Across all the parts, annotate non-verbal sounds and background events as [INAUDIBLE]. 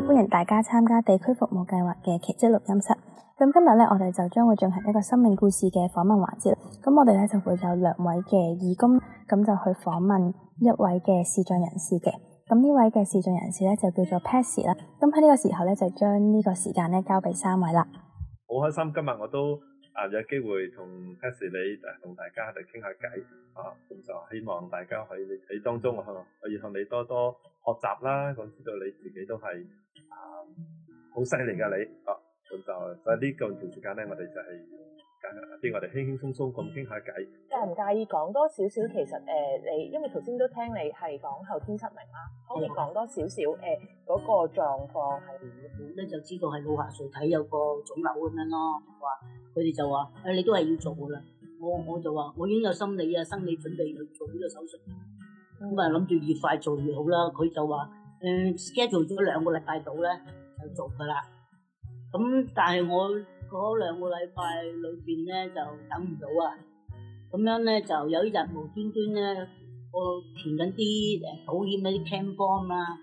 歡迎大家參加地區服務計劃嘅耆跡錄音室。咁今日咧，我哋就將會進行一個生命故事嘅訪問環節。咁我哋咧就會有兩位嘅義工，咁就去訪問一位嘅視障人士嘅。咁呢位嘅視障人士咧就叫做 Patsy 啦。咁喺呢個時候咧就將呢個時間咧交俾三位啦。好開心，今日我都。啊！有機會同 Patsy 同大家嚟傾下偈啊，咁、嗯、就希望大家可以喺當中我可以向你多多學習啦。咁知道你，你自己都係啊，好犀利㗎！你啊，咁、嗯、就喺呢、啊這個段時間咧，我哋就係啱啱啲，啊、我哋輕輕鬆鬆咁傾下偈。介唔介意講多少少？其實誒、呃，你因為頭先都聽你係講後天失明啦、啊，可以講多少少誒嗰個狀況係點咧？嗯、就知道係腦下垂體有個腫瘤咁樣咯，話。佢哋就話：誒、啊，你都係要做噶啦，我我就話，我已經有心理啊、生理準備去做呢個手術，咁啊諗住越快做越好啦。佢就話：誒 schedule 咗兩個禮拜到咧，就做噶啦。咁但係我嗰兩個禮拜裏邊咧，就等唔到啊。咁樣咧就有一日無端端咧，我填緊啲誒保險嗰啲填 form 啦，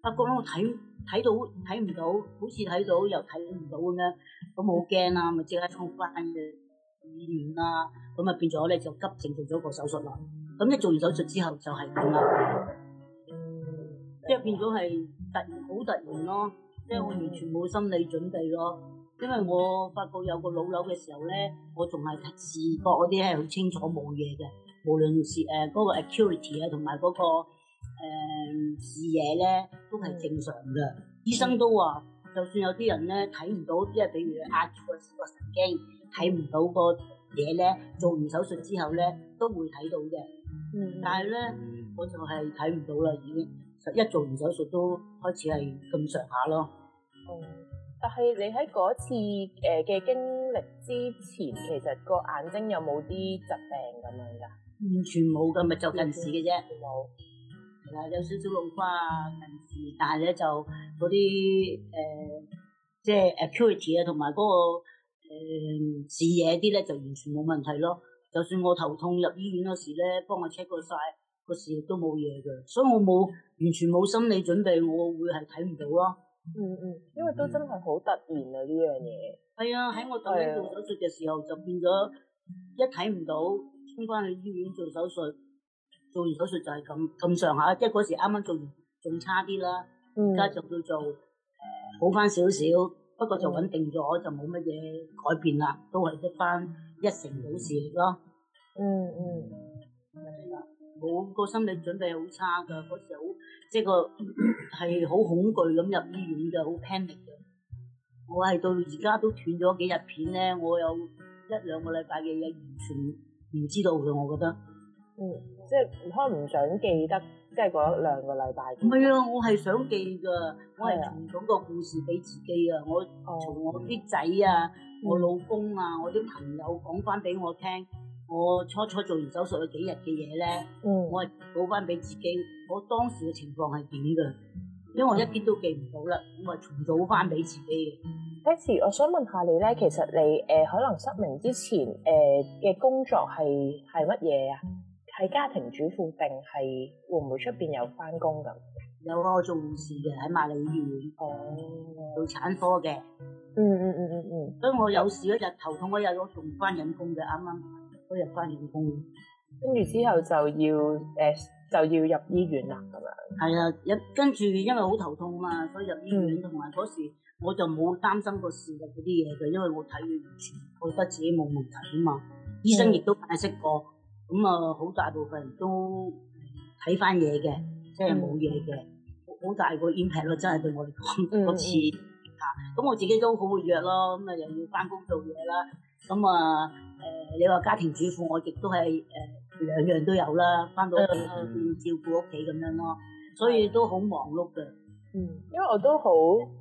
發覺咧我睇睇到睇唔到，好似睇到又睇唔到咁樣。咁好驚啦，咪即刻衝翻嘅醫院啦，咁啊變咗咧就急症做咗個手術啦。咁一做完手術之後就係咁啦。即係變咗係突然好突然咯，即係我完全冇心理準備咯。因為我發覺有個腦瘤嘅時候咧，我仲係視覺嗰啲係好清楚冇嘢嘅，無論是誒嗰、呃那個 acuity 啊同埋、那、嗰個誒、呃、視野咧都係正常嘅。醫生都話。就算有啲人咧睇唔到，即係比如壓住個個神經睇唔到個嘢咧，做完手術之後咧都會睇到嘅。嗯，但係咧我就係睇唔到啦，已經一做完手術都開始係咁上下咯。哦，但係你喺嗰次誒嘅經歷之前，其實個眼睛有冇啲疾病咁樣㗎？完全冇㗎，咪就近視嘅啫。冇，係啊，有少少老花近視，但係咧就嗰啲誒。即係 s 啊，同埋嗰個誒、呃、視野啲咧就完全冇問題咯。就算我頭痛入醫院嗰時咧，幫我 check 過晒，個視野都冇嘢嘅，所以我冇完全冇心理準備，我會係睇唔到咯。嗯嗯，因為都真係好突然啊呢、嗯、樣嘢。係啊，喺我等緊做手術嘅時候、嗯、就變咗一睇唔到，衝翻去醫院做手術，做完手術就係咁咁上下，即係嗰時啱啱做完仲差啲啦，加上叫做。.誒，好翻少少，不過就穩定咗，就冇乜嘢改變啦，都係得翻一成老視力咯。嗯嗯，係啦、嗯，我個心理準備好差噶，嗰時好即係個係好 [COUGHS] 恐懼咁入醫院嘅，好 panic 嘅。我係到而家都斷咗幾日片咧，我有一兩個禮拜嘅嘢完全唔知道嘅，我覺得。嗯，即係可能唔想記得。即係過兩個禮拜。唔係啊！我係想記噶，是是啊、我係重組個故事俾自己啊！我從我啲仔啊、我老公啊、我啲朋友講翻俾我聽，我初初做完手術嗰幾日嘅嘢咧，嗯、我係講翻俾自己，我當時嘅情況係點㗎？因為我一啲都記唔到啦，咁啊，重組翻俾自己。Patsy，我想問下你咧，其實你誒、呃、可能失明之前誒嘅、呃、工作係係乜嘢啊？係家庭主婦定係會唔會出邊有返工咁？有啊，我做護士嘅，喺瑪麗醫院，哦、做產科嘅、嗯。嗯嗯嗯嗯嗯。所以我有事嗰日、嗯、頭痛嗰日我仲返緊工嘅，啱啱嗰日返緊工，跟住之後就要誒、呃、就要入醫院啦咁樣。係啊，入跟住因為好頭痛啊嘛，所以入醫院同埋嗰時我就冇擔心過事嘅嗰啲嘢嘅，因為我睇完全，覺得自己冇問題啊嘛，醫嘛、嗯、生亦都解釋過。咁啊，好、嗯、大部分人都睇翻嘢嘅，即係冇嘢嘅，好大個 impact 咯，真係對我嚟講嗰次嚇。咁、嗯嗯、我自己都好活躍咯，咁啊又要翻工做嘢啦。咁、嗯、啊，誒、呃、你話家庭主婦，我亦都係誒、呃、兩樣都有啦。翻到屋企要照顧屋企咁樣咯，所以都好忙碌嘅。的嗯，因為我都好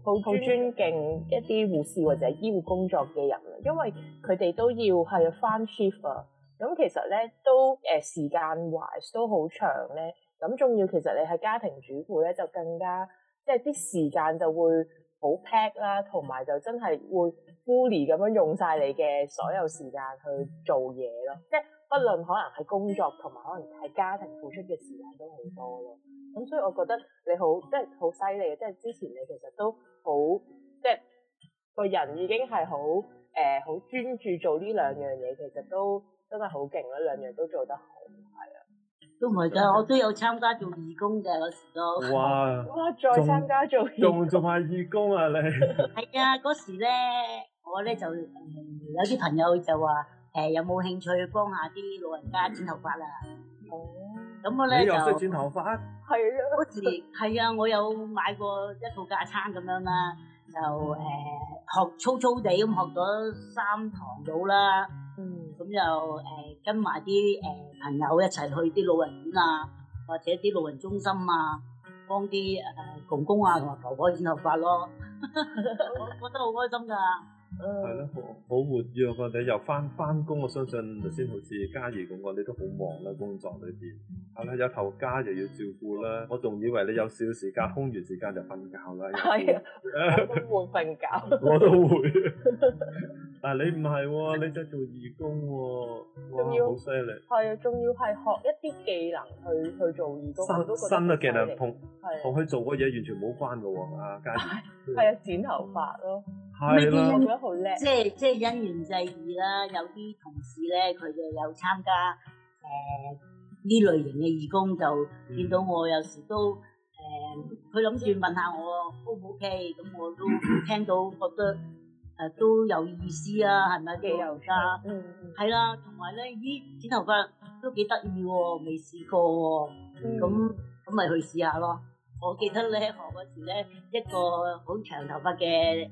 好好尊敬一啲護士或者醫護工作嘅人，因為佢哋都要係翻 shift 啊。咁其實咧都誒時間 wise 都好長咧，咁仲要其實你係家庭主婦咧就更加即係啲時間就會好 pack 啦，同埋就真係會 fully 咁樣用曬你嘅所有時間去做嘢咯，即係不論可能係工作同埋可能係家庭付出嘅時間都好多咯。咁所以我覺得你好即係好犀利嘅，即係之前你其實都好即係個人已經係好誒好專注做呢兩樣嘢，其實都。真係好勁啊！兩樣都做得好，係啊，都唔係噶，我都有參加做義工嘅嗰時都，哇，哇再參加做，仲做下義工啊你，係 [LAUGHS] 啊嗰時咧，我咧就有啲朋友就話誒、欸、有冇興趣去幫下啲老人家剪頭髮啦，哦、嗯，咁我咧又識剪頭髮，係時啊，嗰時係啊，我有買過一套架撐咁樣啦，就誒、欸、學粗粗地咁學咗三堂到啦。咁就誒跟埋啲誒朋友一齊去啲老人院啊，或者啲老人中心啊，幫啲誒、呃、公公啊同埋婆婆剪頭髮咯， [LAUGHS] [LAUGHS] [LAUGHS] 我覺得好開心㗎、啊。係咯，好活躍㗎、啊！你又翻翻工，我相信頭先好似嘉怡咁講，你都好忙啦、啊、工作裏邊。係啦，有頭家又要照顧啦、啊。我仲以為你有少時間，空餘時間就瞓覺啦、啊。係啊，我都會瞓覺。我都會。嗱，你唔係喎，你做做義工喎，哇，好犀利！係，仲要係學一啲技能去去做義工，新新嘅技能同同佢做嘅嘢完全冇關噶喎，啊家姐！係啊，剪頭髮咯，咪剪咗好叻！即係即係因緣際遇啦，有啲同事咧佢就有參加誒呢類型嘅義工，就見到我有時都誒，佢諗住問下我 O 唔 O K，咁我都聽到覺得。誒都有意思啊，係咪嘅又加，係啦，同埋咧，依剪頭髮都幾得意喎，未試過喎，咁咁咪去試下咯。我記得咧學嗰時咧，一個好長頭髮嘅誒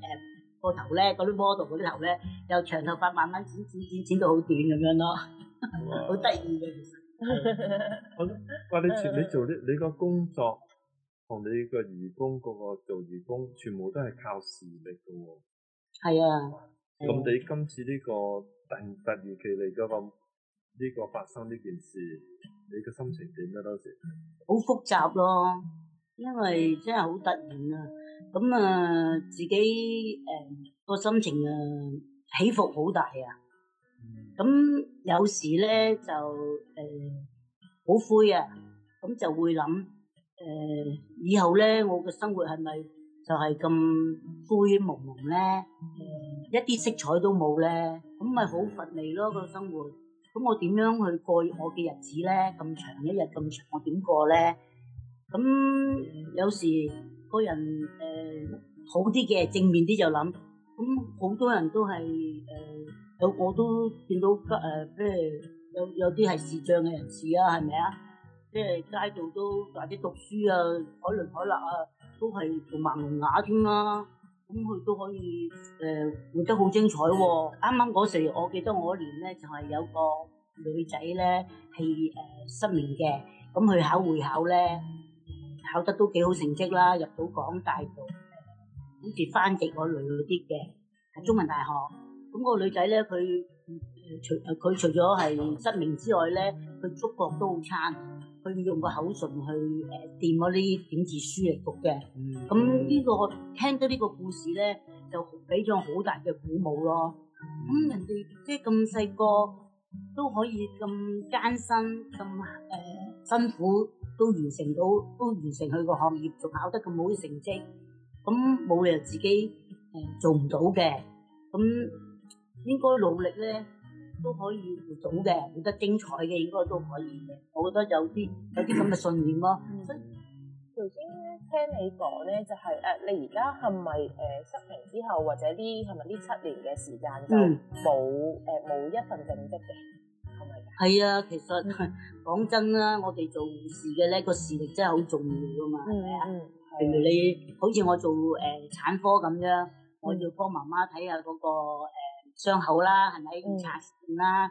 個頭咧，嗰啲 model 嗰啲頭咧，由長頭髮慢慢剪剪剪剪到好短咁樣咯，好得意嘅。其實，喂，你前你做啲你個工作同你個義工嗰個做義工，全部都係靠視力嘅喎。係啊，咁、嗯、你今次呢、這個突突如其嚟嗰個呢個發生呢件事，你嘅心情點啊？當時好複雜咯，因為真係好突然啊！咁啊，自己誒、呃那個心情啊起伏好大啊！咁、嗯、有時咧就誒好、呃、灰啊，咁、嗯、就會諗誒、呃、以後咧我嘅生活係咪？就係咁灰濛濛咧，誒一啲色彩都冇咧，咁咪好乏味咯個生活。咁我點樣去過我嘅日子咧？咁長一日咁長，我點過咧？咁有時個人誒好啲嘅正面啲就諗，咁好多人都係誒有我都見到誒，即係有有啲係視障嘅人士啊，係咪啊？即係街度都或者讀書啊，海倫海勒啊。都係同盲龍啞添啦，咁佢都可以誒活，呃、得好精彩喎，哦。啱啱嗰時，我記得我一年咧就係、是，有個女仔咧係誒失明嘅，咁佢考會考咧考得都幾好成績啦，入到港大做好似翻譯嗰類嗰啲嘅，喺中文大學。咁、那，嗰個女仔咧，佢，呃、除佢除咗係失明之外咧，佢觸覺都好差。佢用個口唇去誒掂嗰啲點字書嚟讀嘅，咁呢、嗯這個聽到呢個故事咧，就俾咗好大嘅鼓舞咯。咁、嗯、人哋即係咁細個都可以咁艱辛、咁誒、呃、辛苦都完成到，都完成佢個學業，仲考得咁好嘅成績，咁冇理由自己誒、呃、做唔到嘅。咁應該努力咧。都可以做嘅，做得精彩嘅應該都可以嘅。我覺得有啲有啲咁嘅信念咯。所以頭先聽你講咧，就係誒你而家係咪誒失明之後，或者啲係咪呢七年嘅時間就冇誒冇一份正職嘅，係咪？係啊，其實講真啦，我哋做護士嘅咧個視力真係好重要噶嘛，係咪啊？譬如你好似我做誒產科咁樣，我要幫媽媽睇下嗰個誒。傷口啦，係咪要拆線啦？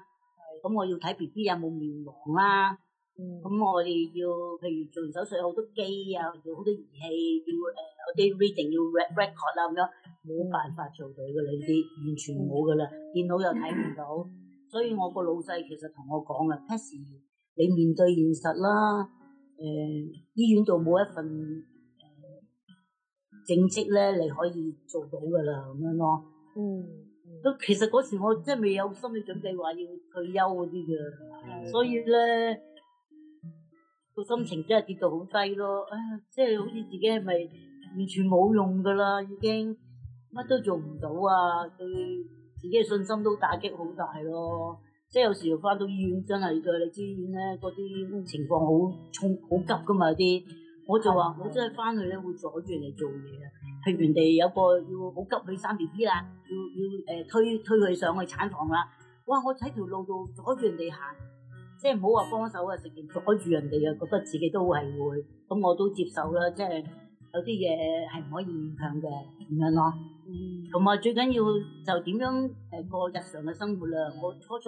咁、嗯、我要睇 BB 有冇面黃啦。咁、嗯、我哋要譬如做完手術，好多機啊，要好多儀器，要誒嗰啲 reading 要 record 啊咁樣，冇辦法做到嘅你啲，完全冇嘅啦，電腦又睇唔到。嗯、所以我個老細其實同我講嘅，Patsy 你面對現實啦，誒、呃、醫院度冇一份誒正職咧，你可以做到嘅啦，咁樣咯。嗯。都其實嗰時我真係未有心理準備話要退休嗰啲嘅，的所以咧個心情真係跌到好低咯。唉，即係好似自己係咪完全冇用噶啦？已經乜都做唔到啊！對自己嘅信心都打擊好大咯。即係有時候翻到醫院真係嘅，你知醫院咧嗰啲情況好重好急噶嘛啲。我就話我真係翻去咧會阻住人哋做嘢。譬如人哋有個要好急佢生 B B 啦，要要誒、呃、推推佢上去產房啦。哇！我睇條路度阻住人哋行，即係唔好話幫手啊，成日阻住人哋啊，覺得自己都係會，咁我都接受啦。即係有啲嘢係唔可以勉強嘅，咁樣囉。同埋最緊要就點樣誒過日常嘅生活啦？我初初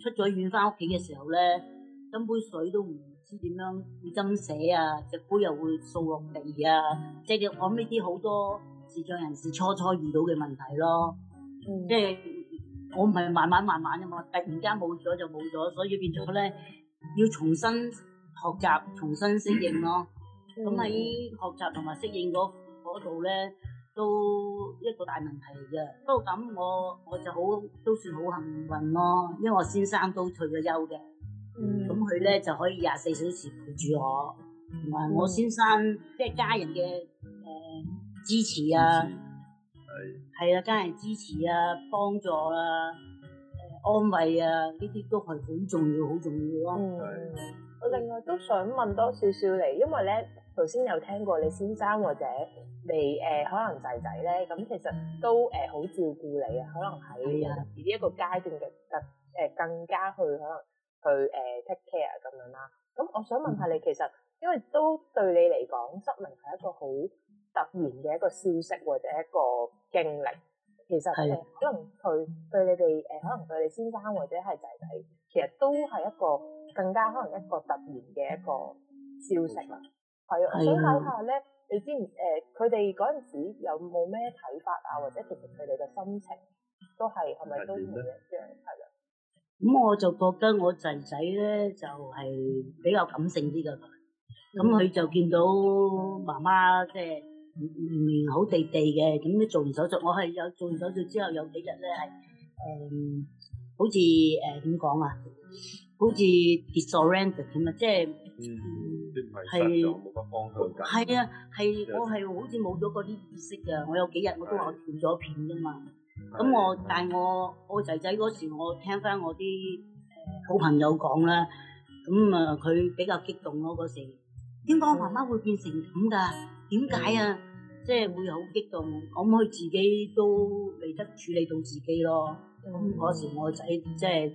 出咗院翻屋企嘅時候咧，一杯水都唔～知點樣鉛筆寫啊，隻杯又會掃落嚟啊，即係我呢啲好多視障人士初初遇到嘅問題咯。即係、嗯、我唔係慢慢慢慢嘅嘛，突然間冇咗就冇咗，所以變咗咧要重新學習、重新適應咯。咁喺、嗯嗯、學習同埋適應嗰度咧，都一個大問題嚟嘅。不過咁我我就好都算好幸運咯，因為我先生都退咗休嘅。咁佢咧就可以廿四小時陪住我，同埋我先生、嗯、即係家人嘅誒、呃、支持啊，係持，係對啊，家人支持啊，幫助啊，誒、呃、安慰啊，呢啲都係好重要，好重要咯、啊。對我另外都想問多少少你，因為咧頭先有聽過你先生或者你誒、呃、可能仔仔咧，咁其實都誒好、呃、照顧你啊，可能喺呢一個階段嘅更誒更加去可能。去誒 take care 咁樣啦，咁我想問下你，其實因為都對你嚟講，失明係一個好突然嘅一個消息或者一個經歷，其實誒的可能佢對你哋誒、呃、可能對你先生或者係仔仔，其實都係一個更加可能一個突然嘅一個消息。係啊錯，我想睇下咧，你之前誒佢哋嗰陣時有冇咩睇法啊，或者其實佢哋嘅心情都係係咪都唔一樣？咁、嗯、我就覺得我仔仔咧就係、是、比較感性啲噶，咁、嗯、佢、嗯嗯、就見到媽媽即係面好地地嘅，咁你做完手術，我係有做完手術之後有幾日咧係誒，好似誒點講啊，好似 disoriented 咁啊，即係，嗯，係，係啊，係我係好似冇咗嗰啲意識噶，我有幾日我都話我斷咗片噶嘛。咁我帶我我仔仔嗰時，我，時我聽翻我啲誒好朋友講啦，咁啊佢比較激動咯嗰時。點解我媽媽會變成咁噶？點解啊？嗯、即係會好激動，咁佢自己都未得處理到自己咯。咁嗰時我仔即係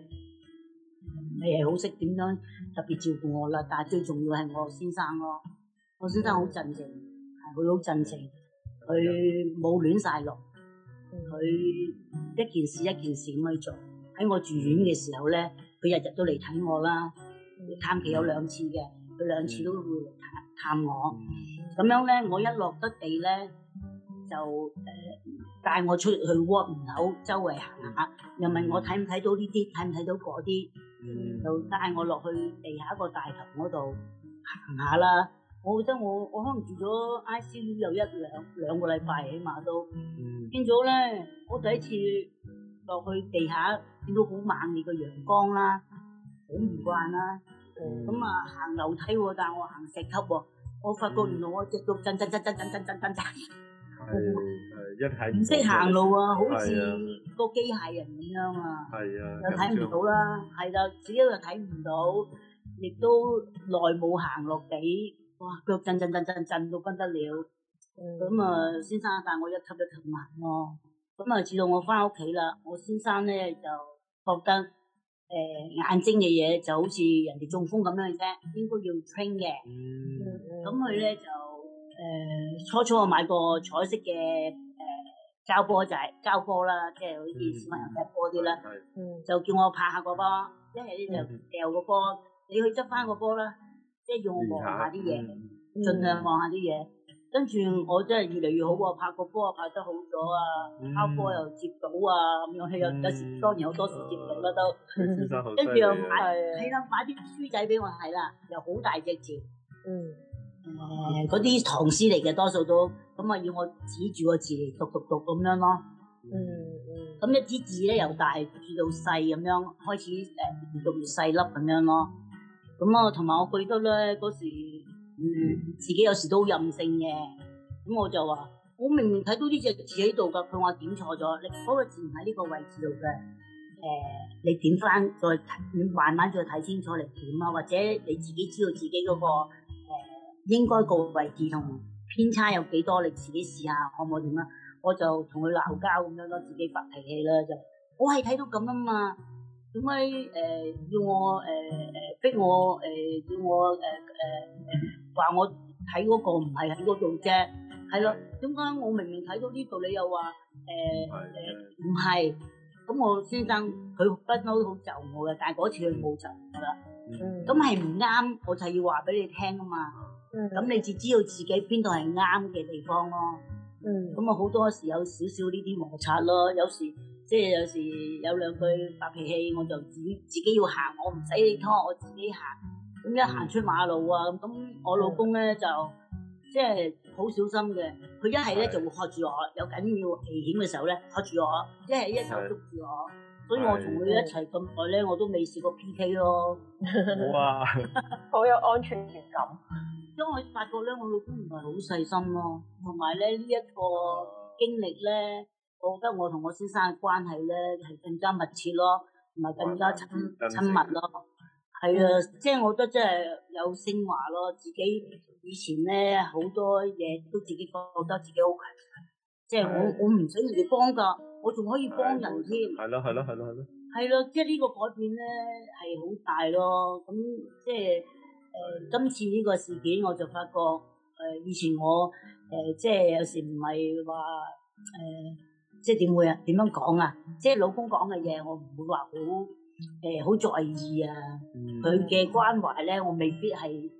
你係好識點樣特別照顧我啦，但係最重要係我先生咯。我先生好鎮靜，係佢好鎮靜，佢冇亂晒咯。佢一件事一件事咁去做。喺我住院嘅時候咧，佢日日都嚟睇我啦，探佢有兩次嘅，佢兩次都會嚟探探我。咁樣咧，我一落得地咧，就誒帶、呃、我出去屋門口周圍行下，又問我睇唔睇到呢啲，睇唔睇到嗰啲，mm hmm. 就帶我落去地下一個大堂嗰度行下啦。我覺得我我可能住咗 ICU 有一兩兩個禮拜，起碼都見咗咧。我第一次落去地下見到好猛烈嘅陽光啦，好唔慣啦。咁啊、嗯嗯嗯，行樓梯，但係我行石級，我發覺原來我隻腳震震震震震震震震一睇唔識行路啊，好似個機械人咁樣啊，啊、嗯，又睇唔到啦，係就隻腳又睇唔到，亦、嗯、都耐冇行落地。哇！腳震震震震震到不得了，咁、嗯、啊，嗯、先生帶我一級一級慢喎。咁、嗯、啊，至到我翻屋企啦，我先生咧就覺得誒、呃、眼睛嘅嘢就好似人哋中風咁樣嘅啫，應該要 train 嘅。咁佢咧就誒、呃、初初我買個彩色嘅誒膠波仔，就係膠波啦，即係好似小朋友踢波啲啦，嗯、就叫我拍下個波，一係咧就掉個波，你去執翻個波啦。即係要我望下啲嘢，嗯、盡量望下啲嘢。跟住我真係越嚟越好喎，拍個波拍得好咗啊，拋、嗯、波又接到啊，咁樣係有有時、嗯、當然好多時接到啦都、啊。跟住又買，係啦買啲書仔俾我睇啦，又好大隻字。嗯，嗰啲唐詩嚟嘅多數都，咁啊要我指住個字嚟讀讀讀咁樣咯。嗯。咁一支字咧由大，至到細咁樣，開始誒越讀越細粒咁樣咯。細細咁啊，同埋我記得咧，嗰時，嗯，自己有時都好任性嘅。咁，嗯，我就話，我明明睇到呢隻字喺度㗎，佢話點錯咗，你嗰個字唔喺呢個位置度嘅。誒，欸，你點返再睇，你慢慢再睇清楚嚟點啊，或者你自己知道自己嗰、那個誒、欸，應該個位置同偏差有幾多，你自己試下可唔可以點啊？我就同佢鬧交咁樣咯，自己發脾氣啦就，我係睇到咁啊嘛。點解誒要我誒誒、呃、逼我誒叫、呃、我誒誒誒話我睇嗰個唔係喺嗰度啫？係咯的，點解的我明明睇到呢度，你又話誒誒唔係？咁、呃的呃、我先生佢不嬲都好就我嘅，但係嗰次佢冇就我啦。咁係唔啱，我就要話俾你聽啊嘛。咁、嗯、你就知道自己邊度係啱嘅地方咯。咁我好多時有少少呢啲摩擦咯，有時。即係有時有兩句發脾氣，我就自己自己要行，我唔使你拖，我自己行。咁一行出馬路啊，咁我老公咧就即係好小心嘅。佢一係咧是的 就會嚇住我，有緊要危險嘅時候咧嚇住我，一係一手捉住我。所以我同佢一齊咁耐咧，是的 我都未試過 P K 咯、哦。冇哇 [LAUGHS] 好有安全感。因為發覺咧，我老公唔係好細心咯、啊。同埋咧呢一個經歷咧。我覺得我同我先生嘅關係咧係更加密切咯，同埋更加親哇親，親密咯。係、嗯、啊，即、就、係、是、我覺得即係有昇華咯。自己以前咧好多嘢都自己覺得自己好強，即、就、係、是、我、啊、我唔想人哋幫㗎，我仲可以幫人添。係咯，係咯，係咯，係咯。係咯，即係呢個改變咧係好大咯。咁即係誒，今次呢個事件我就發覺誒、呃，以前我誒、呃、即係有時唔係話誒。呃呃即係點會啊？點樣講啊？即係老公講嘅嘢，我唔會話好誒好在意啊。佢嘅關懷咧，我未必係誒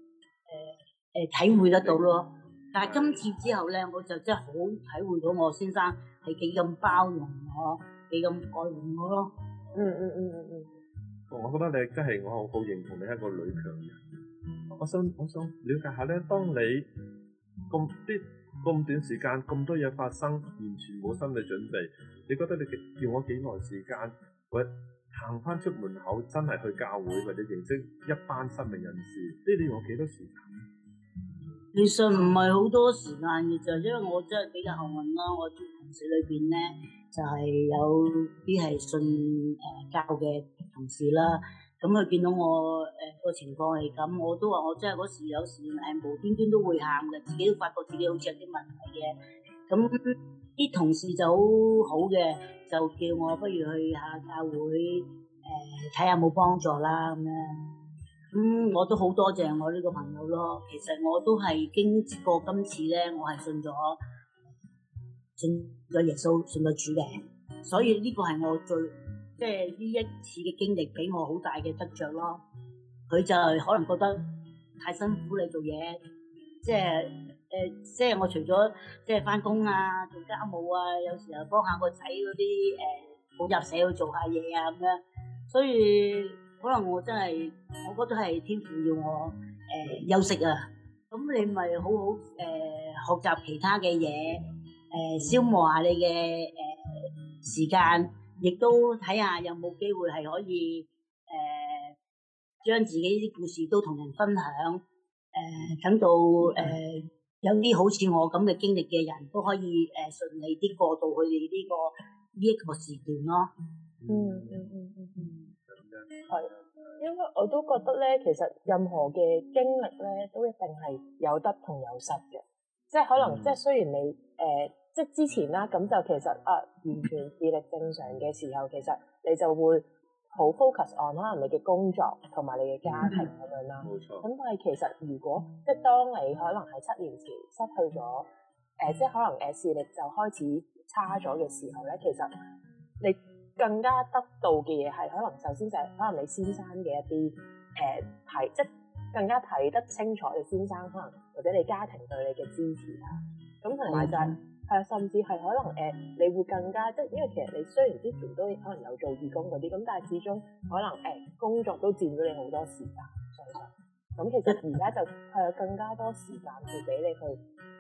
誒體會得到咯。但係今次之後咧，我就真係好體會到我先生係幾咁包容我，幾咁愛護我咯。嗯嗯嗯嗯嗯。我覺得你真係我好認同你係一個女強人。我想我想瞭解下咧，當你咁啲。咁短時間咁多嘢發生，完全冇心理準備。你覺得你用咗幾耐時間，我行翻出門口，真係去教會或者認識一班新嘅人士呢？呢啲用咗幾多時間？其實唔係好多時間嘅，就因為我真係比較幸運啦。我同事裏邊咧，就係有啲係信誒教嘅同事啦。咁佢見到我誒個情況係咁，我都話我真係嗰時有時誒無端端都會喊嘅，自己都發覺自己好似有啲問題嘅。咁啲同事就好好嘅，就叫我不如去下教會誒睇下有冇幫助啦咁樣。咁、嗯、我都好多謝我呢個朋友咯。其實我都係經過今次咧，我係信咗信咗耶穌，信咗主嘅。所以呢個係我最～即係呢一次嘅經歷，俾我好大嘅得着咯。佢就可能覺得太辛苦你做嘢，即係誒、呃，即係我除咗即係翻工啊、做家務啊，有時候幫下個仔嗰啲誒，冇、呃、入社去做下嘢啊咁樣。所以可能我真係，我覺得係天父要我誒、呃、休息啊。咁你咪好好誒、呃、學習其他嘅嘢，誒、呃、消磨下你嘅誒、呃、時間。亦都睇下有冇機會係可以誒，將、呃、自己啲故事都同人分享。誒、呃，等到誒、mm hmm. 呃、有啲好似我咁嘅經歷嘅人都可以誒、呃、順利啲過到佢哋呢個呢一、這個時段咯。嗯嗯嗯嗯嗯，係，因為我都覺得咧，其實任何嘅經歷咧都一定係有得同有失嘅，即係可能、mm hmm. 即係雖然你誒。呃即之前啦，咁就其實啊，完全視力正常嘅時候， [LAUGHS] 其實你就會好 focus on 可能你嘅工作同埋你嘅家庭咁樣啦。冇錯。咁但係其實如果即係當你可能喺七年前失去咗誒、呃，即係可能誒視力就開始差咗嘅時候咧，其實你更加得到嘅嘢係可能首先就係可能你先生嘅一啲誒睇，即係更加睇得清楚你先生可能或者你家庭對你嘅支持啊，咁同埋就係、是。 [LAUGHS] 係啊，甚至係可能誒、呃，你會更加即係，因為其實你雖然之前都可能有做義工嗰啲，咁但係始終可能誒、呃、工作都佔咗你好多時間，相信。咁其實而家就係有更加多時間會俾你去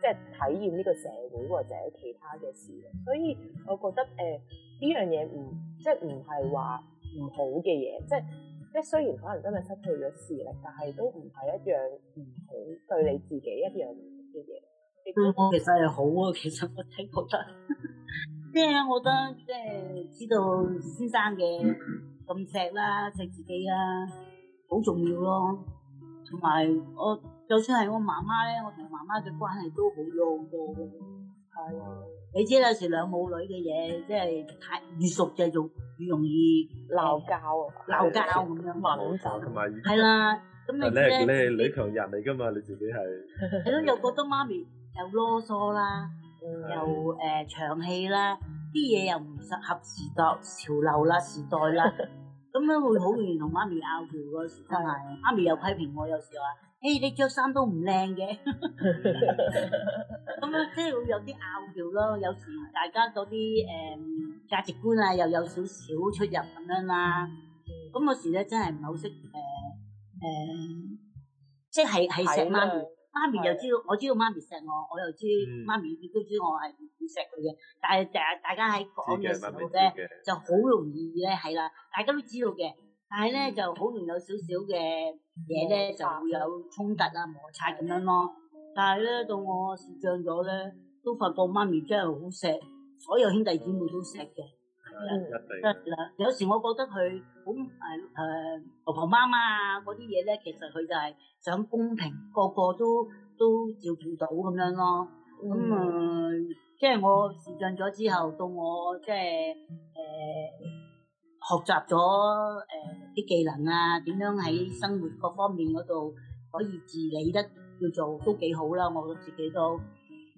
即係體驗呢個社會或者其他嘅事。所以我覺得誒呢、呃、樣嘢唔即係唔係話唔好嘅嘢，即係即係雖然可能真係失去咗視力，但係都唔係一樣唔好對你自己一樣嘅嘢。其實係好啊，其實我真覺得，即係我覺得即係知道先生嘅咁錫啦，錫自己啦，好重要咯。同埋我就算係我媽媽咧，我同媽媽嘅關係都好咗好多。係啊，你知有時兩母女嘅嘢，即係太越熟就越容易鬧交，鬧交咁樣。係啦，咁你即係你係女強人嚟噶嘛？你自己係，你都又覺得媽咪。又囉嗦啦，又誒長氣啦，啲嘢又唔適合時代潮流啦，時代啦，咁樣會好容易同媽咪拗撬嗰時，真係，媽咪又批評我，有時話，誒你著衫都唔靚嘅，咁樣即係會有啲拗撬咯。有時大家嗰啲誒價值觀啊，又有少少出入咁樣啦，咁嗰時咧真係唔係好識誒誒，即係係成媽咪。媽咪又知道，我知道媽咪錫我，我又知媽咪、嗯、亦都知我係會錫佢嘅。但係成日大家喺講嘅時候咧，就好容易咧係啦，大家都知道嘅。但係咧、嗯、就好容易有少少嘅嘢咧就會有衝突啊、摩擦咁樣咯。但係咧到我成長咗咧，都發覺媽咪真係好錫，所有兄弟姊妹都錫嘅。嗯、 [NOISE] 有時我覺得佢好誒誒婆婆媽媽啊嗰啲嘢咧，其實佢就係想公平，個個都都照顧到咁樣咯。咁啊、嗯嗯，即係我適應咗之後，到我即係誒、呃、學習咗誒啲技能啊，點樣喺生活各方面嗰度可以自理得叫做都幾好啦。我自己都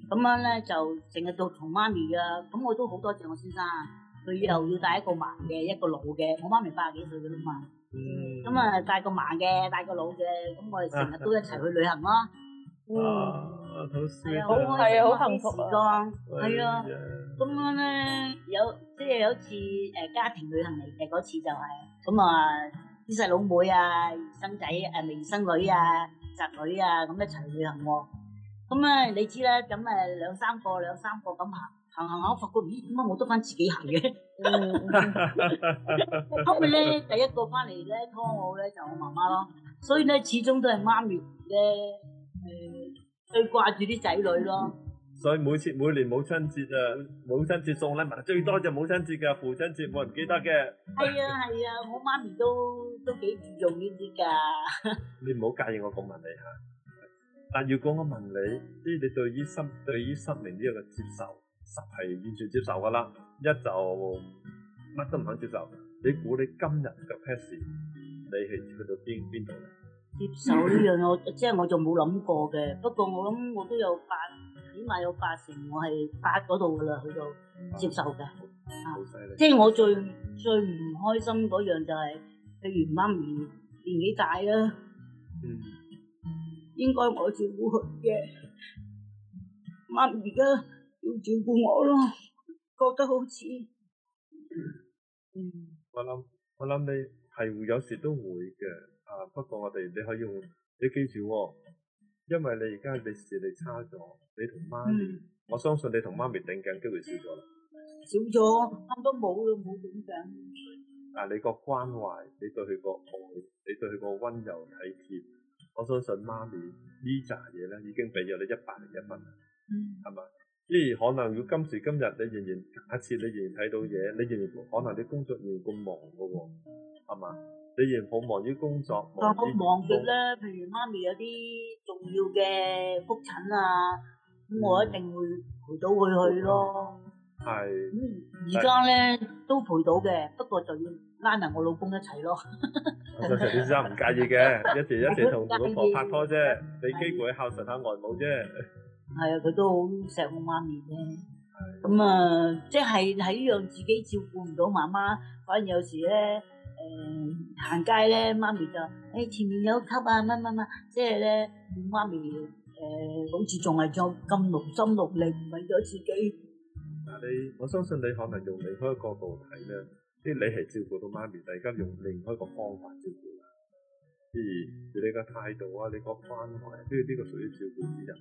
咁樣咧，就成日做同媽咪嘅，咁我都好多謝我先生，佢以後要帶一個盲嘅，一個老嘅。我媽咪八十幾歲嘅啦嘛，咁啊帶個盲嘅，帶個老嘅，咁我哋成日都一齊去旅行咯。啊，好舒服，係啊，好幸福㗎。係啊，咁樣咧有即係有一次誒家庭旅行嚟嘅嗰次就係，咁啊啲細佬妹啊生仔誒未生女啊侄女啊咁一齊去旅行喎。咁咧你知啦，咁誒兩三個兩三個咁行。行行下，我發覺咦，點解我得翻自己行嘅？後尾咧，第一個翻嚟咧，拖我咧就我媽媽咯，所以咧始終都係媽咪咧，誒最掛住啲仔女咯。所以每次每年母親節啊，母親節送禮物最多就母親節噶，父親節冇人記得嘅。係啊係啊，我媽咪都都幾注重呢啲噶。你唔好介意我咁問你吓，但係如果我問你，啲你對於心對於心靈呢一個接受？十係完全接受噶啦，一就乜都唔肯接受。你估你今日嘅 Patsy，你係去到邊邊度？接受呢樣 [COUGHS] 我，即係我就冇諗過嘅。不過我諗我都有八，起碼有八成我係八嗰度噶啦，佢就接受嘅。啊，好犀利。即係我最最唔開心嗰樣就係譬如媽咪年紀大啦，啊，嗯、應該我照顧佢嘅媽咪而家。要照顧我咯，覺得好似，嗯嗯，我諗我諗你係會有時都會嘅，啊，不過我哋你可以用，你記住、哦，因為你而家你視力差咗，嗯、你同媽咪，嗯、我相信你同媽咪頂緊機會少咗，少咗，差都冇咯，冇頂緊。啊，你個關懷，你對佢個愛，你對佢個溫柔體貼，我相信媽咪呢扎嘢咧已經俾咗你一百零一蚊。嗯，係咪？咦？可能要今時今日你你，你仍然假設你仍然睇到嘢，你仍然可能你工作仍咁忙噶喎，係嘛？你仍然好忙於工作。當然忙啲啦，譬如媽咪有啲重要嘅復診啊，咁、嗯、我一定會陪到佢去咯。係是。咁而家咧都陪到嘅，不過就要拉埋我老公一齊咯。先生唔介意嘅，一齊一齊同老婆拍拖啫，俾機會孝順下外母啫。係啊，佢都好錫我媽咪嘅。咁啊的、嗯呃，即係喺讓自己照顧唔到媽媽，反而有時咧，誒、呃、行街咧，媽咪就誒、哎、前面有一級啊，乜乜乜，即係咧，媽咪誒、呃、好似仲係做咁落心落力為咗自己。嗱你，我相信你可能用另一個角度睇咧，即你係照顧到媽咪，但係用另外一個方法照顧。啲你個態度啊，你個關係啊、你個關懷，即係呢個屬於照顧之人。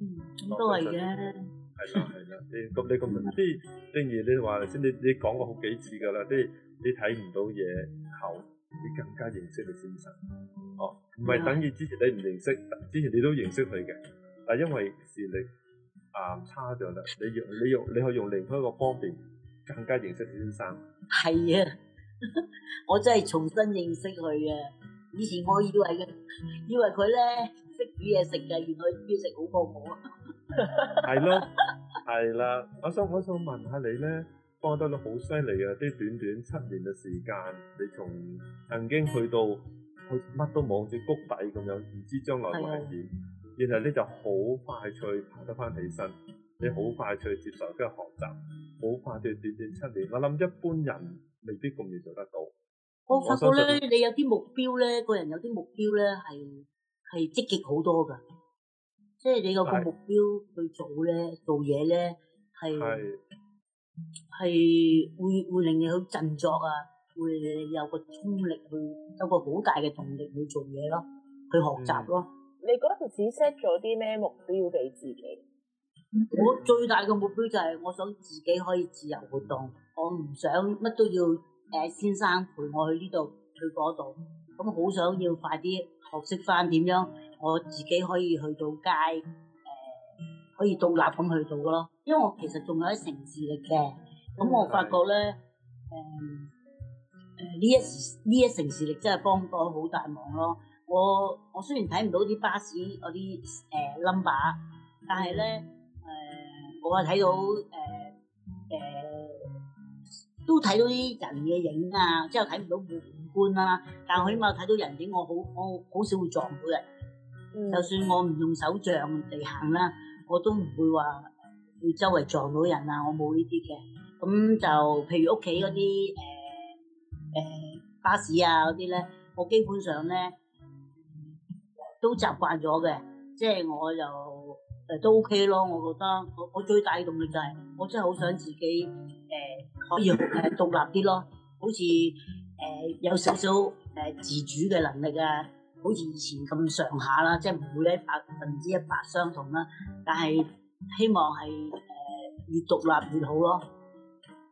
嗯，咁都係嘅。係啦，係啦，你咁你咁即係，例如你話頭先，你你講過好幾次噶啦，即係你睇唔到嘢後，你更加認識你先生。哦，唔係是呀等於之前你唔認識，之前你都認識佢嘅，但因為視力啊差咗啦，你用你用你去用另外一個方面更加認識你先生。係啊，我真係重新認識佢啊！ [LAUGHS] 以前我以為嘅，以為佢咧識煮嘢食嘅，原來要食好過火。係咯，係啦。我想我想問下你咧，講得你好犀利啊！啲短短七年嘅時間，你從曾經去到好似乜都望住谷底咁樣，唔知將來會係點，的然後咧就好快脆爬得翻起身，你好快脆接受跟學習，好快脆短短七年，我諗一般人未必咁易做得到。我發覺咧，你有啲目標咧，個人有啲目標咧，係係積極好多噶。即係你有個目標去做咧，做嘢咧，係係會會令你好振作啊，會有個衝力去，有個好大嘅動力去做嘢咯，去學習咯。你覺得你 set 咗啲咩目標俾自己？我最大嘅目標就係我想自己可以自由活動，我唔想乜都要。誒，先生陪我去呢度，去嗰度，咁好想要快啲學識翻點樣，我自己可以去到街，誒、呃，可以獨立咁去到咯。因為我其實仲有一城市力嘅，咁我發覺咧，誒的，呢、嗯、一呢一城市力真係幫咗好大忙咯。我我雖然睇唔到啲巴士嗰啲誒 number，但係咧，誒、呃，我睇到誒誒。呃呃都睇到啲人嘅影啊，即係睇唔到五官啊。但係我起碼睇到人影，我好我好少會撞到人。嗯、就算我唔用手杖嚟行啦，我都唔會話會周圍撞到人啊。我冇呢啲嘅。咁就譬如屋企嗰啲誒誒巴士啊嗰啲咧，我基本上咧都習慣咗嘅，即係我就。誒都 OK 咯，我覺得我我最大嘅動力就係、是、我真係好想自己誒、呃、可以誒獨立啲咯，好似誒、呃、有少少誒、呃、自主嘅能力啊，好似以前咁上下啦，即係唔會喺百分之一百相同啦、啊，但係希望係誒、呃、越獨立越好咯。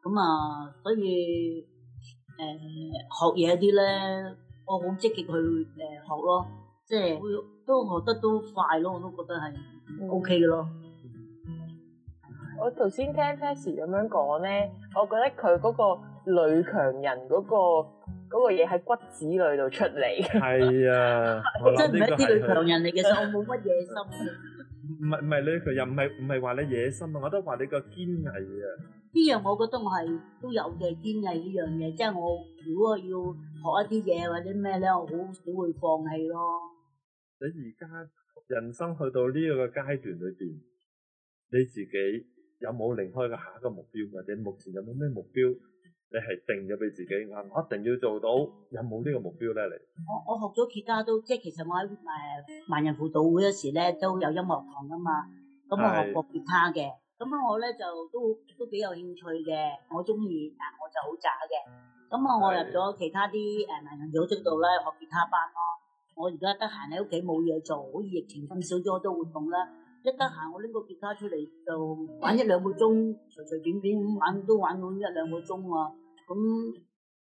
咁啊，所以誒、呃、學嘢啲咧，我好積極去誒、呃、學咯。即係，我都學得都快咯，我都覺得係 O K 嘅咯。嗯、我頭先聽 Patsy 咁樣講咧，我覺得佢嗰個女強人嗰、那個嗰個、嗰個嘢喺骨子裏度出嚟。係啊，我 [LAUGHS] 真唔係一啲女強人嚟嘅，實 [LAUGHS] 我冇乜野， [LAUGHS] 野心。唔係唔係女強人，唔係唔係話你野心啊！我都話你個堅毅啊！呢樣我覺得我係都有嘅，堅毅呢樣嘢。即係我如果要學一啲嘢或者咩咧，我好少會放棄咯。你而家人生去到呢個階段裏邊，你自己有冇另開個下一個目標或者目前有冇咩目標？你係定咗俾自己，我一定要做到，有冇呢個目標咧？你我我學咗其他都，即係其實我誒、呃、盲人輔導會嗰時咧都有音樂堂㗎嘛。咁我學過吉他嘅，咁是我咧就都都幾有興趣嘅。我中意，但我就好渣嘅。咁啊，我入咗其他啲誒盲人組織度咧學吉他班咯。我而家得閒喺屋企冇嘢做，好似疫情減少咗我都活動啦。一得閒我拎個吉他出嚟就玩一兩個鐘，隨隨便便咁玩都玩到一兩個鐘啊！咁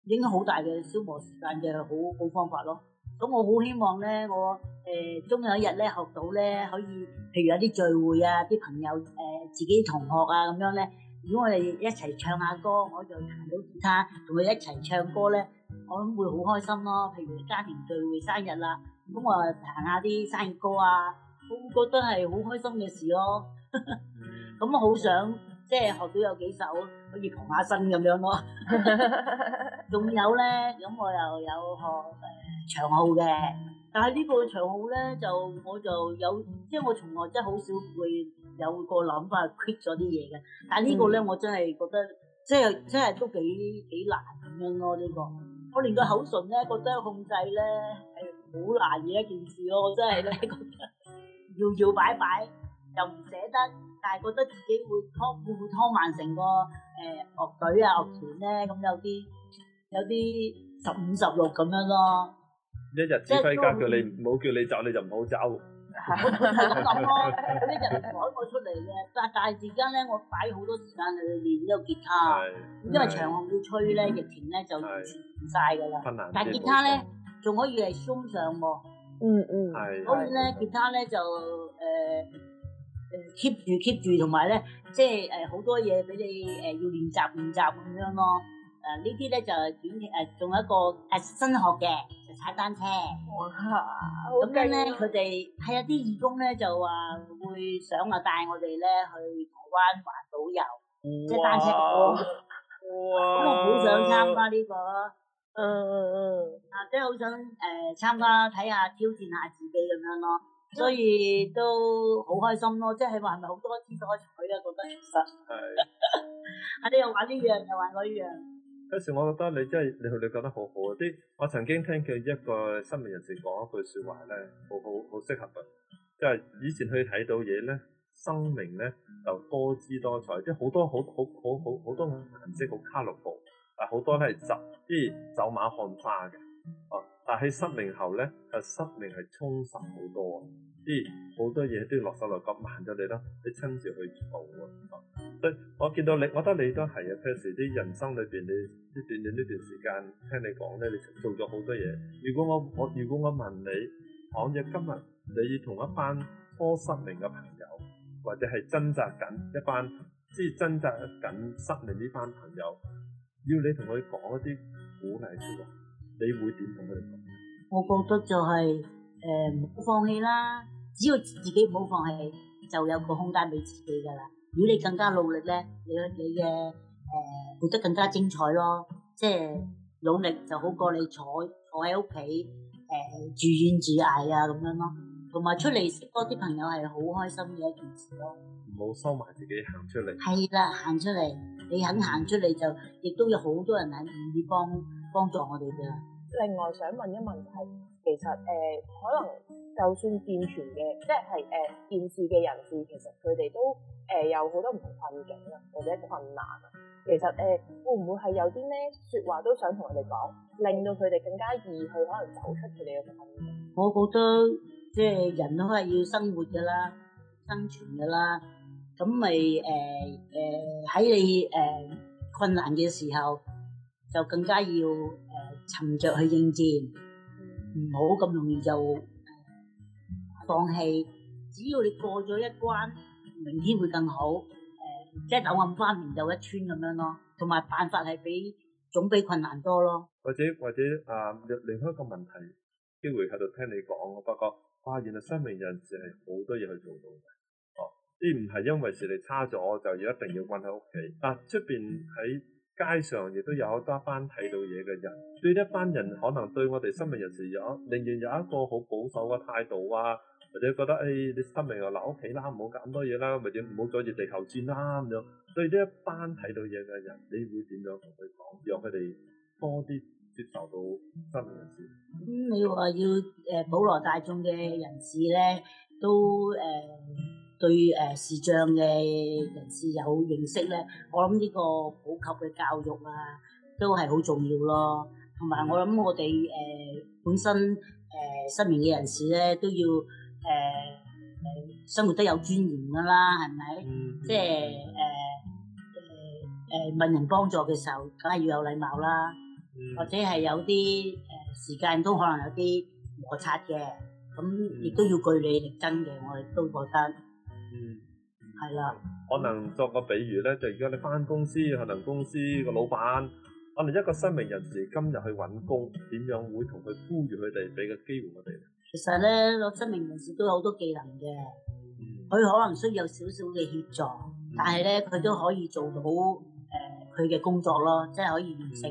應該好大嘅消磨時間嘅好好方法咯。咁我好希望咧，我誒終有一日咧學到咧，可以譬如有啲聚會啊，啲朋友誒、呃、自己同學啊咁樣咧，如果我哋一齊唱下歌，我就彈到吉他，同佢一齊唱歌咧。我諗會好開心咯，譬如家庭聚會、生日啦、啊，咁我彈下啲生日歌啊，我覺得係好開心嘅事咯。咁 [LAUGHS] 好想即係學到有幾首可以同下身咁樣咯，啊。仲 [LAUGHS] [LAUGHS] 有咧，咁我又有學誒長號嘅，但係呢個長號咧就我就有，即係我從來真係好少會有個諗法 quit 咗啲嘢嘅。但係呢個咧，嗯、我真係覺得即係真係都幾幾難咁樣咯，呢、呢個。我連個口唇咧，覺得控制咧係好難嘅一件事咯，我真係咧覺得搖搖擺擺，又唔捨得，但係覺得自己會拖會唔拖慢成個誒、呃、樂隊啊樂團咧，咁有啲有啲十五十六咁樣咯。一日指揮家叫你唔好、就是、叫你走，你就唔好走。我就係咁諗咯，咁樣改過出嚟嘅。但但係而家咧，我擺好多時間去練呢個吉他，因為長虹要吹咧，疫情咧就完全唔晒噶啦。但吉他咧仲可以係線上喎。嗯嗯、好。係。所以咧，吉他咧就誒誒 keep 住 keep 住，同埋咧即係誒好多嘢俾你誒要練習練習咁樣咯。呢啲咧就係短期誒，仲、呃、有一個誒新學嘅就踩單車，咁跟咧佢哋係有啲義工咧就話會想話帶我哋咧去台灣玩島遊，即係哇單車。哇！咁我好想參加呢、這個誒，即係好想誒、呃、參加睇下挑戰下自己咁樣咯。所以都好開心咯，即係係咪好多姿多彩啊？覺得係，啊！你對 [LAUGHS] 又玩呢、這、樣、個，又玩嗰、那、樣、個。有時我覺得你真係你你覺得好好啲，我曾經聽過一個失明人士講一句説話咧，好好好適合佢。即係以前去睇到嘢咧，生命咧就多姿多彩，即係好多好好好好好多顏色好卡樂部，但好多都係走，啲走馬看花嘅。哦，但係失明後咧，誒失明係充實好多。好多嘢都要落手落腳，慢咗你啦。你親自去做啊！所以我見到你，我覺得你都係啊。平時啲人生裏邊，你呢段呢段時間，聽你講咧，你做咗好多嘢。如果我我如果我問你，倘若今日你同一班初失明嘅朋友，或者係掙扎緊一班，即係掙扎緊失明呢班朋友，要你同佢講一啲鼓勵說話，你會點同佢哋講？我覺得就係、是、誒、唔、呃、放棄啦。只要自己唔好放棄，就有個空間俾自己噶啦。如果你更加努力咧，你你嘅誒活得更加精彩咯。即係努力就好過你坐坐喺屋企誒住院住捱啊咁樣咯。同埋出嚟識多啲朋友係好開心嘅一件事咯。唔好收埋自己，行出嚟。係啦，行出嚟，你肯行出嚟就亦都有好多人肯願意幫幫助我哋嘅。另外想問一問係。其實誒、呃，可能就算健全嘅，即係誒電視嘅人士，其實佢哋都誒、呃、有好多唔同困境啊，或者困難啊。其實誒、呃，會唔會係有啲咩説話都想同佢哋講，令到佢哋更加易去可能走出佢哋嘅困境？我覺得即係、就是、人都係要生活㗎啦，生存㗎啦，咁咪誒誒喺你誒、呃、困難嘅時候，就更加要誒、呃、沉著去應戰。唔好咁容易就放棄，只要你過咗一關，明天會更好。誒、呃，即係柳暗花明又一村咁樣咯。同埋辦法係比總比困難多咯。或者或者啊，另、呃、外一個問題，機會喺度聽你講，我發覺啊，原來失明人士係好多嘢去做到嘅。哦，呢唔係因為視力差咗就要一定要困喺屋企，但出邊喺街上亦都有好多一班睇到嘢嘅人，對一班人可能對我哋失明人士有，寧願有一個好保守嘅態度啊，或者覺得誒、哎、你失明又留屋企啦，唔好搞咁多嘢啦，或者唔好阻住地球轉啦咁樣。對呢一班睇到嘢嘅人，你會點樣同佢講，讓佢哋多啲接受到失明人士？咁、嗯、你話要誒普、呃、羅大眾嘅人士咧，都誒。呃對誒、呃、視障嘅人士有認識咧，我諗呢個普及嘅教育啊，都係好重要咯。同埋我諗，我哋誒本身誒失明嘅人士咧，都要誒誒、呃、生活得有尊嚴噶啦，係咪？Mm hmm. 即係誒誒誒問人幫助嘅時候，梗係要有禮貌啦。Mm hmm. 或者係有啲誒、呃、時間都可能有啲摩擦嘅，咁、嗯、亦、mm hmm. 都要據理力爭嘅。我哋都覺得。嗯，係、嗯、啦。的可能作個比喻咧，就而家你翻公司，可能公司個老闆，可能一個失明人士今日去搵工，點樣會同佢呼籲，佢哋俾個機會我哋？其實咧，個失明人士都有好多技能嘅，佢、嗯、可能需要少少嘅協助，嗯、但係咧佢都可以做到誒，佢、呃、嘅工作咯，即係可以完成，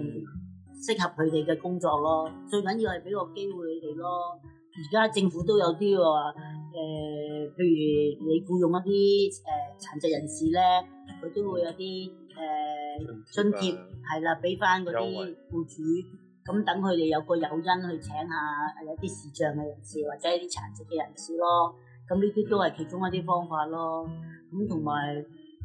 適合佢哋嘅工作咯。嗯、最緊要係俾個機會你哋咯。而家政府都有啲誒，譬如你雇用一啲誒殘疾人士咧，佢都會有啲誒津貼，係啦，俾翻嗰啲僱主，咁等佢哋有個誘因去請下有啲視障嘅人士，或者一啲殘疾嘅人士咯。咁呢啲都係其中一啲方法咯。咁同埋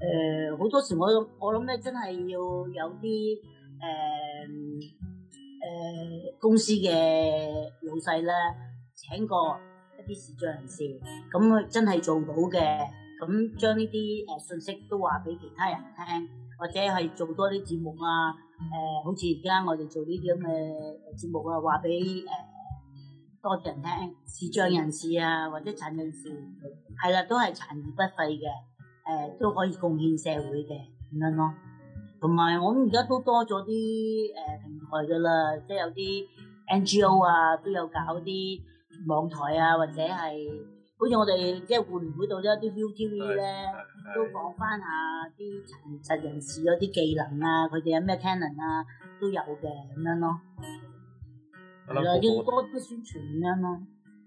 誒，好多時我我諗咧，真係要有啲誒誒公司嘅老細咧請個。啲視障人士，咁佢真係做到嘅，咁將呢啲誒信息都話俾其他人聽，或者係做多啲節目啊，誒好似而家我哋做呢啲咁嘅節目啊，話俾誒多啲人聽，視障人士啊或者殘人士，係啦，都係殘而不廢嘅，誒都可以貢獻社會嘅咁樣咯。同埋我而家都多咗啲誒平台噶啦，即係有啲 NGO 啊都有搞啲，網台啊，或者係好似我哋即係互聯會度咧，一啲 ViuTV 咧都講翻下啲殘疾人士嗰啲技能啊，佢哋有咩 talent 啊都有嘅咁樣咯。係啊的，要多啲宣傳咁樣咯。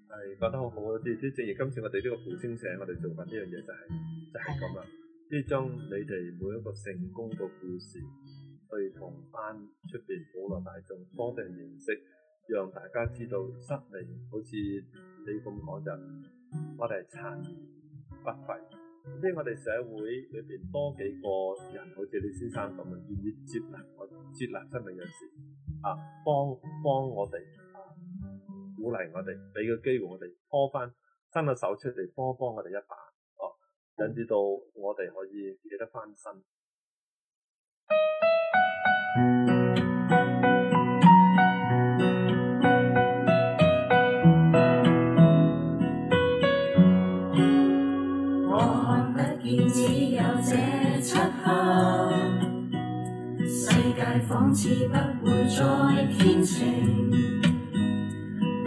係的覺得好好啲，啲正如今次我哋呢個扶青社，我哋做緊呢、就是就是、樣嘢就係就係咁啦，即係的將你哋每一個成功個故事去講翻出面普羅大眾方，多啲認識。讓大家知道失明，好似你咁講就，我哋係殘而不廢。咁喺我哋社會裏邊多幾個人，好似你先生咁，願意接納我，接納失明人士，啊，幫幫我哋，鼓勵我哋，俾個機會我哋，拖翻，伸個手出嚟，幫幫我哋一把，哦、啊，引致到我哋可以企得翻身。嗯仿似不會再天晴，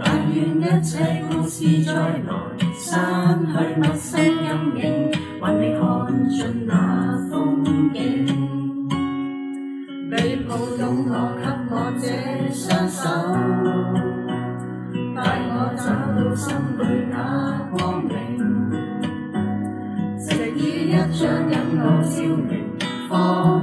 但願一切故事再來，刪去陌生陰影，還你看盡那風景，你抱擁我給我這雙手，帶我找到心裏那光明，直以 [NOISE] 一掌引我照明。 [NOISE]